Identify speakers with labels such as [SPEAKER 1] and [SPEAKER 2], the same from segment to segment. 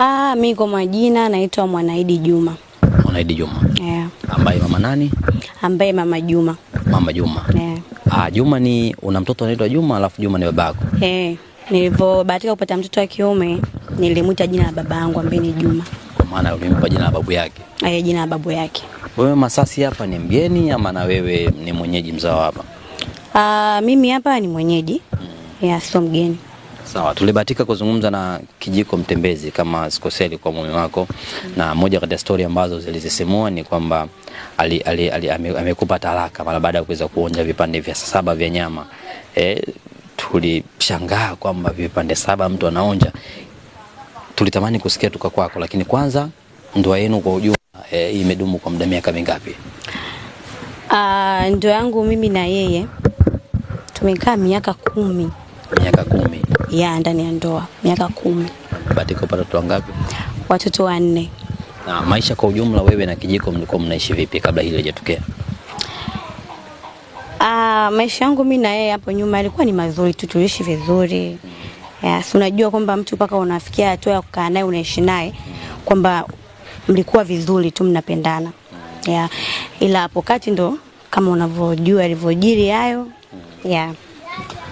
[SPEAKER 1] Ah, mimi kwa majina naitwa Mwanaidi Juma. Mwanaidi Juma. Yeah.
[SPEAKER 2] Ambaye mama nani?
[SPEAKER 1] Ambaye mama Juma. Mama Juma. Yeah.
[SPEAKER 2] Ah, Juma ni una mtoto anaitwa Juma alafu Juma ni babako.
[SPEAKER 1] Eh. Hey. Nilivyobahatika kupata mtoto wa kiume nilimwita jina la baba yangu ambaye ni Juma.
[SPEAKER 2] Kwa maana ulimpa jina la babu yake.
[SPEAKER 1] Eh, jina la babu yake.
[SPEAKER 2] Wewe Masasi hapa ni mgeni ama na wewe ni mwenyeji mzao hapa?
[SPEAKER 1] Ah, mimi hapa ni mwenyeji. Mm. Yeah, sio mgeni.
[SPEAKER 2] Sawa, tulibahatika kuzungumza na Kijiko Mtembezi kama sikoseli kwa mume wako mm. na moja kati ya stori ambazo zilizisimua ni kwamba amekupa talaka mara baada ya kuweza kuonja vipande vya saba vya nyama e, tulishangaa kwamba vipande saba mtu anaonja. Tulitamani kusikia tuka kwako, lakini kwanza ndoa yenu kwa ujumla e, imedumu kwa muda miaka mingapi?
[SPEAKER 1] Uh, ndoa yangu mimi na yeye tumekaa miaka kumi.
[SPEAKER 2] Miaka kumi
[SPEAKER 1] ya ndani ya ndoa miaka kumi.
[SPEAKER 2] Bahatika kupata watoto wangapi?
[SPEAKER 1] Watoto wanne.
[SPEAKER 2] Na maisha kwa ujumla, wewe na Kijiko mlikuwa mnaishi vipi kabla hili lijatokea?
[SPEAKER 1] Ah, maisha yangu mimi na yeye hapo nyuma yalikuwa ni mazuri tu, tuliishi vizuri. Yes, unajua kwamba mtu mpaka unafikia hatua ya kukaa naye unaishi naye kwamba mlikuwa vizuri tu mnapendana. Yeah. Ila hapo kati ndo kama unavyojua alivyojiri hayo. Yeah.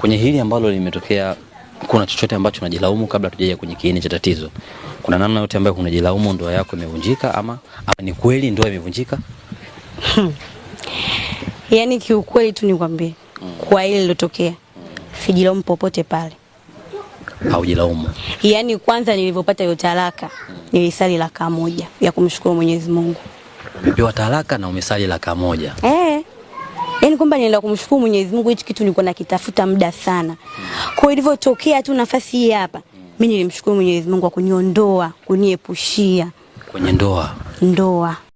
[SPEAKER 2] Kwenye hili ambalo limetokea kuna chochote ambacho unajilaumu kabla tujaje kwenye kiini cha tatizo? Kuna namna yote ambayo unajilaumu ndoa yako imevunjika ama, ama ni kweli ndoa imevunjika? Hmm.
[SPEAKER 1] Yaani kiukweli tu nikwambie hmm. kwa ile lilotokea sijilaumu popote pale. Haujilaumu? Yaani kwanza nilivyopata hiyo talaka nilisali laka moja ya kumshukuru Mwenyezi Mungu.
[SPEAKER 2] Umepewa talaka na umesali laka moja.
[SPEAKER 1] Eh ni yaani kwamba nienda kumshukuru Mwenyezi Mungu, hichi kitu nilikuwa nakitafuta muda sana. Kwa hiyo ilivyotokea tu nafasi hii hapa, mimi nilimshukuru Mwenyezi Mungu kwa kuniondoa, kuniepushia
[SPEAKER 2] kwenye ndoa.
[SPEAKER 1] Ndoa.